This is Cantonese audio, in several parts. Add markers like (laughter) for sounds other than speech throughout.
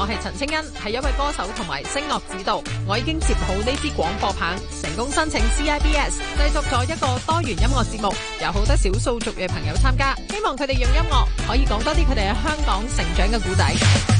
我係陳清恩，係一位歌手同埋聲樂指導。我已經接好呢支廣播棒，成功申請 CIBS，製作咗一個多元音樂節目，有好多少數族嘅朋友參加。希望佢哋用音樂可以多講多啲佢哋喺香港成長嘅故仔。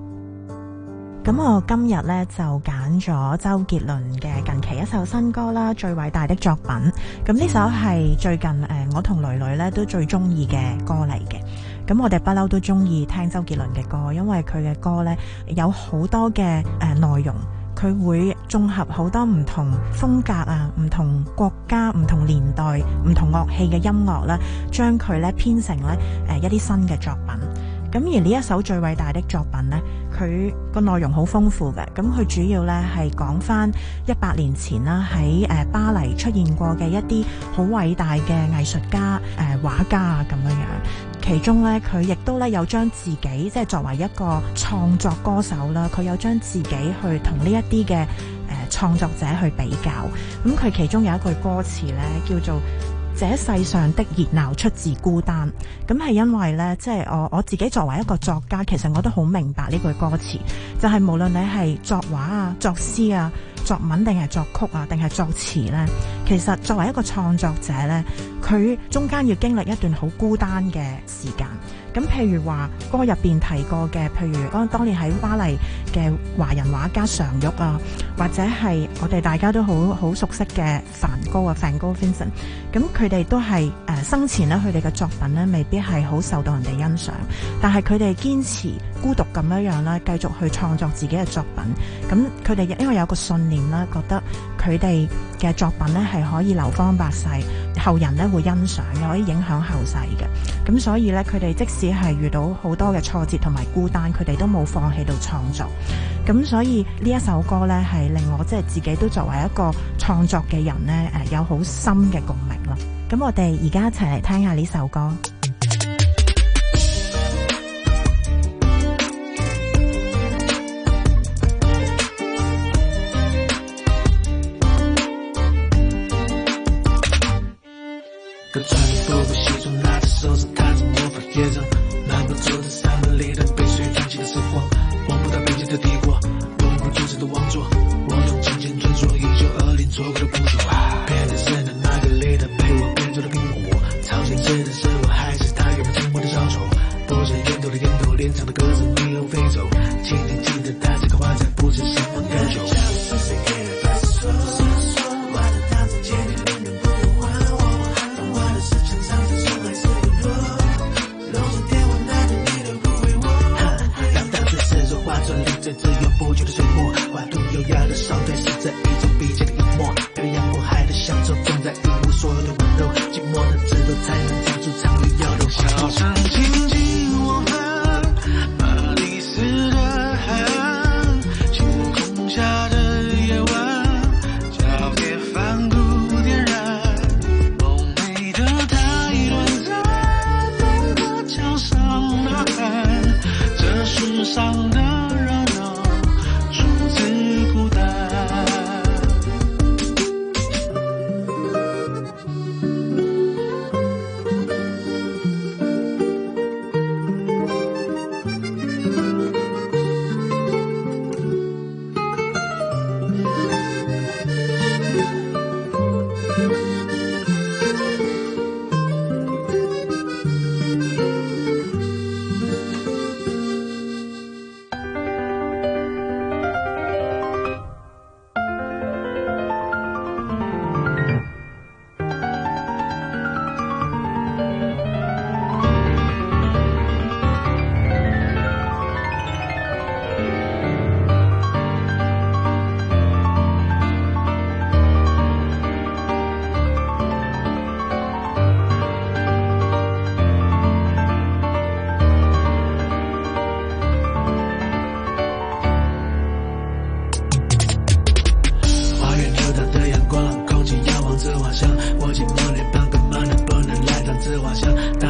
咁我今日咧就揀咗周杰倫嘅近期一首新歌啦，最偉大的作品。咁呢首係最近誒，我同女女咧都最中意嘅歌嚟嘅。咁我哋不嬲都中意聽周杰倫嘅歌，因為佢嘅歌呢，有好多嘅誒內容，佢會綜合好多唔同風格啊、唔同國家、唔同年代、唔同樂器嘅音樂啦，將佢咧編成咧誒一啲新嘅作品。咁而呢一首最偉大的作品咧，佢個內容好豐富嘅。咁佢主要咧係講翻一百年前啦，喺誒巴黎出現過嘅一啲好偉大嘅藝術家、誒、呃、畫家啊咁樣樣，其中咧，佢亦都咧有將自己即係作為一個創作歌手啦，佢有將自己去同呢一啲嘅誒創作者去比較。咁佢其中有一句歌詞咧，叫做，這世上的熱鬧出自孤單，咁係因為呢，即係我我自己作為一個作家，其實我都好明白呢句歌詞，就係無論你係作畫啊、作詩啊，作文定係作曲啊，定係作詞咧？其實作為一個創作者咧，佢中間要經歷一段好孤單嘅時間。咁譬如話歌入邊提過嘅，譬如當年喺巴黎嘅華人畫家常玉啊，或者係我哋大家都好好熟悉嘅梵高啊，梵高 Vincent，咁佢哋都係誒、呃、生前咧，佢哋嘅作品咧未必係好受到人哋欣賞，但係佢哋堅持孤獨咁樣樣啦，繼續去創作自己嘅作品。咁佢哋因為有個信。念啦，覺得佢哋嘅作品咧，係可以流芳百世，後人咧會欣賞，又可以影響後世嘅。咁所以咧，佢哋即使係遇到好多嘅挫折同埋孤單，佢哋都冇放棄到創作。咁所以呢一首歌咧，係令我即係自己都作為一個創作嘅人咧，誒，有好深嘅共鳴咯。咁我哋而家一齊嚟聽下呢首歌。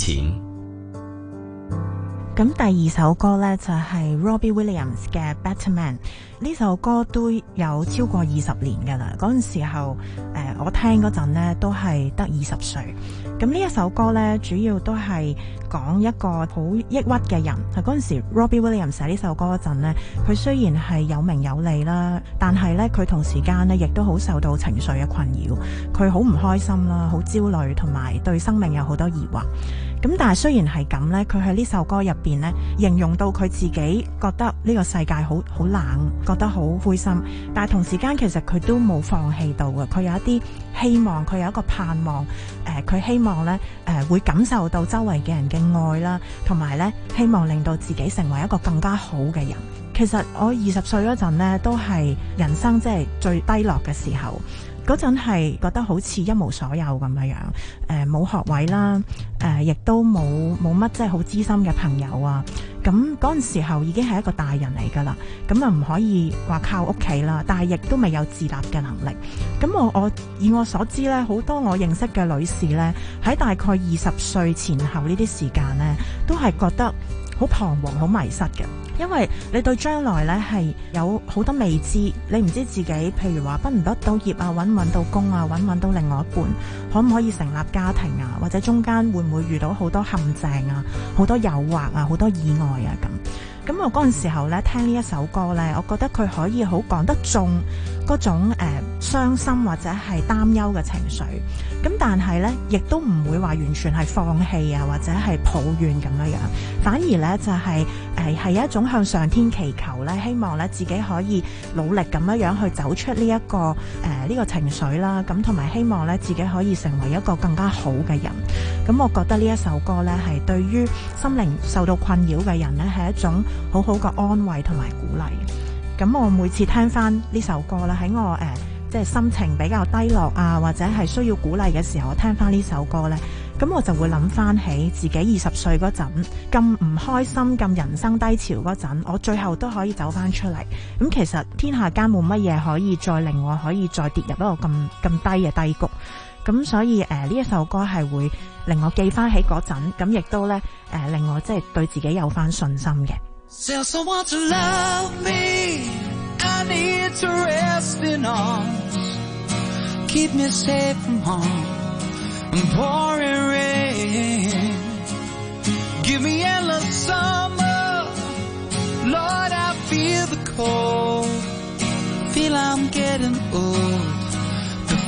錢咁第二首歌呢，就係、是、Robbie Williams 嘅 Better Man 呢首歌都有超過二十年噶啦，嗰、那、陣、個時候誒、呃、我聽嗰陣呢，都係得二十歲，咁呢一首歌呢，主要都係講一個好抑鬱嘅人，係嗰陣時候 Robbie Williams 寫呢首歌嗰陣呢，佢雖然係有名有利啦，但係呢，佢同時間呢，亦都好受到情緒嘅困擾，佢好唔開心啦，好焦慮同埋對生命有好多疑惑。咁但係雖然係咁呢，佢喺呢首歌入邊呢，形容到佢自己覺得呢個世界好好冷，覺得好灰心。但係同時間，其實佢都冇放棄到嘅，佢有一啲希望，佢有一個盼望。誒、呃，佢希望呢誒、呃，會感受到周圍嘅人嘅愛啦，同埋呢希望令到自己成為一個更加好嘅人。其實我二十歲嗰陣呢，都係人生即係最低落嘅時候。嗰陣係覺得好似一無所有咁樣樣，呃、冇學位啦，呃、亦都冇冇乜即係好知心嘅朋友啊。咁嗰陣時候已經係一個大人嚟㗎啦，咁啊，唔可以話靠屋企啦，但係亦都未有自立嘅能力。咁我我以我所知呢，好多我認識嘅女士呢，喺大概二十歲前後呢啲時間呢，都係覺得好彷徨、好迷失嘅。因為你對將來呢係有好多未知，你唔知自己譬如話畢唔畢到業啊，揾唔揾到工啊，揾唔揾到另外一半，可唔可以成立家庭啊？或者中間會唔會遇到好多陷阱啊、好多誘惑啊、好多意外啊咁？咁我嗰陣時候咧聽呢一首歌咧，我覺得佢可以好講得中嗰種誒傷心或者係擔憂嘅情緒。咁但係咧，亦都唔會話完全係放棄啊，或者係抱怨咁樣樣。反而咧就係誒係一種向上天祈求咧，希望咧自己可以努力咁樣樣去走出呢一個誒呢個情緒啦。咁同埋希望咧自己可以成為一個更加好嘅人。咁我覺得呢一首歌呢，係對於心靈受到困擾嘅人呢，係一種好好嘅安慰同埋鼓勵。咁我每次聽翻呢首歌咧，喺我、呃、即係心情比較低落啊，或者係需要鼓勵嘅時候，我聽翻呢首歌呢，咁我就會諗翻起自己二十歲嗰陣咁唔開心、咁人生低潮嗰陣，我最後都可以走翻出嚟。咁其實天下間冇乜嘢可以再令我可以再跌入一個咁咁低嘅低谷。咁所以誒呢一首歌係會令我記翻起嗰陣，咁亦都咧誒令我即係對自己有翻信心嘅。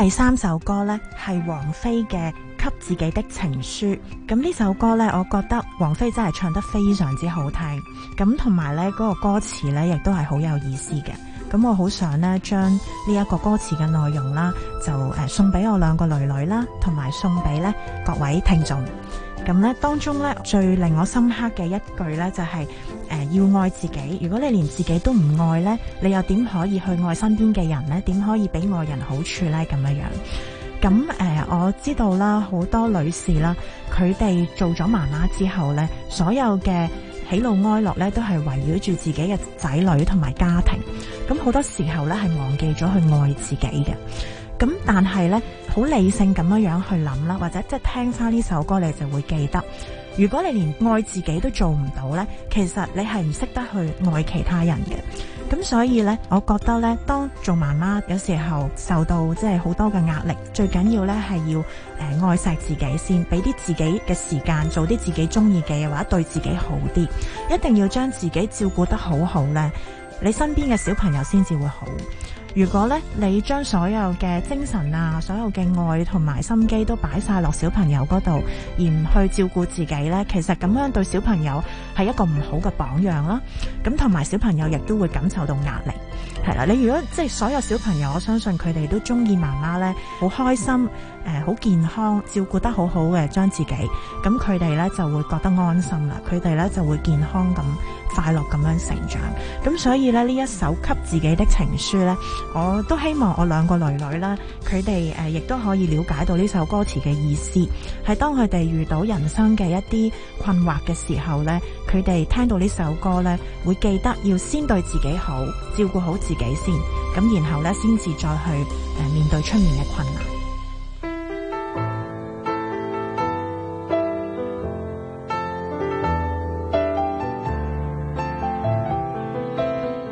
第三首歌呢，係王菲嘅《給自己的情書》，咁呢首歌呢，我覺得王菲真係唱得非常之好聽，咁同埋呢嗰個歌詞呢，亦都係好有意思嘅，咁我好想呢，將呢一個歌詞嘅內容啦，就誒送俾我兩個女女啦，同埋送俾呢各位聽眾。咁咧，當中咧，最令我深刻嘅一句咧、就是，就係誒要愛自己。如果你連自己都唔愛咧，你又點可以去愛身邊嘅人咧？點可以俾愛人好處咧？咁樣樣。咁、呃、誒，我知道啦，好多女士啦，佢哋做咗媽媽之後咧，所有嘅喜怒哀樂咧，都係圍繞住自己嘅仔女同埋家庭。咁好多時候咧，係忘記咗去愛自己嘅。咁但係咧，好理性咁樣樣去諗啦，或者即係聽翻呢首歌，你就會記得。如果你連愛自己都做唔到呢，其實你係唔識得去愛其他人嘅。咁所以呢，我覺得呢，當做媽媽有時候受到即係好多嘅壓力，最緊要呢係要誒愛錫自己先，俾啲自己嘅時間，做啲自己中意嘅嘢或者對自己好啲，一定要將自己照顧得好好呢，你身邊嘅小朋友先至會好。如果咧，你將所有嘅精神啊，所有嘅愛同埋心機都擺晒落小朋友嗰度，而唔去照顧自己呢，其實咁樣對小朋友係一個唔好嘅榜樣啦。咁同埋小朋友亦都會感受到壓力，係啦。你如果即係所有小朋友，我相信佢哋都中意媽媽呢，好開心。誒、啊，好健康，照顧得好好嘅，將自己，咁佢哋呢就會覺得安心啦，佢哋呢就會健康咁快樂咁樣成長。咁所以呢，呢一首給自己的情書呢，我都希望我兩個女女啦，佢哋誒亦都可以了解到呢首歌詞嘅意思，係當佢哋遇到人生嘅一啲困惑嘅時候呢，佢哋聽到呢首歌呢，會記得要先對自己好，照顧好自己先，咁然後呢，先至再去誒面對出面嘅困難。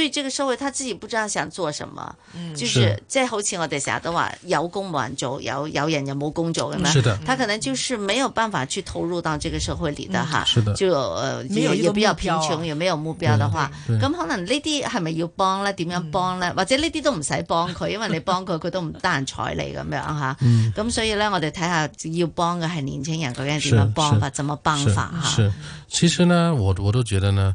對這個社會，他自己不知道想做什麼，嗯、就是即係好似我哋成日都話有工冇人做，有有人又冇工做咁樣。是的他可能就是沒有辦法去投入到這個社會裏的、嗯、哈。是的就、呃、有比較貧窮有，也沒有目標的話，咁可能呢啲係咪要幫呢？點樣幫呢？嗯、或者呢啲都唔使幫佢，因為你幫佢，佢 (laughs) 都唔得人睬你咁樣吓。咁、嗯、所以呢，我哋睇下要幫嘅係年輕人究竟點樣幫法，怎麼幫法吓。其實呢，我我都覺得呢。